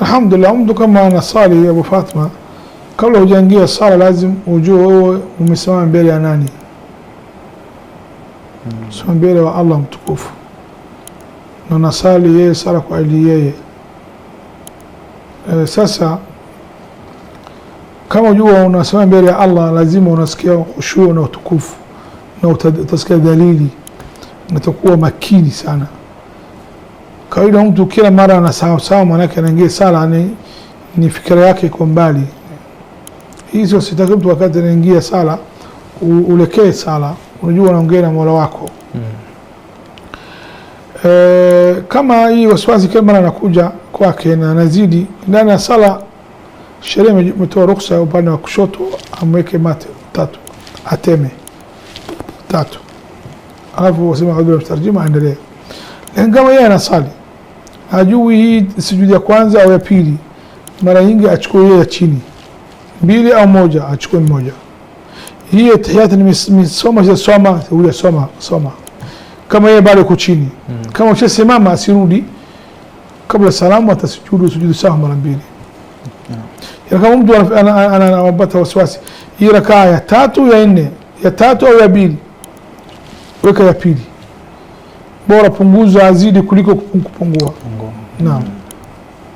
Alhamdulillah, mtu kama anasali Abu Fatma, kabla hujaingia sala lazima ujue wewe umesimama mbele ya nani? Hmm. Sio mbele wa Allah mtukufu, na nasali yeye sala kwa ajili yeye. E, sasa kama jua unasimama mbele ya Allah, lazima unasikia khushu na utukufu na utasikia dalili, natakuwa makini sana. Kawaida mtu kila mara anasahau sawa, maanake anaingia sala ni, ni fikira yake iko mbali. Hizo sitaki mtu wakati anaingia sala ulekee sala, unajua unaongea na Mola wako mm. E, kama hii wasiwasi kila mara anakuja kwake na anazidi ndani ya sala, sheria imetoa ruksa ya upande wa kushoto amweke mate tatu, ateme tatu, alafu wasema audhu billahi tarjima, aendelee lakini kama yeye anasali hajui hii sujudi ya kwanza au ya pili, mara nyingi achukue ile ya chini mbili au moja, achukue moja. Hii tahiyati nimesoma, soma huja soma soma, kama yeye bado uko chini. Hmm. Kama ushasimama asirudi, kabla salamu atasujudu sujudu sahu mara mbili. Hmm. Ya Kama mtu anapata wasiwasi, hii rakaa ya tatu ya nne, ya tatu au ya pili, weka ya pili bora punguzo azidi kuliko kupungua. Naam.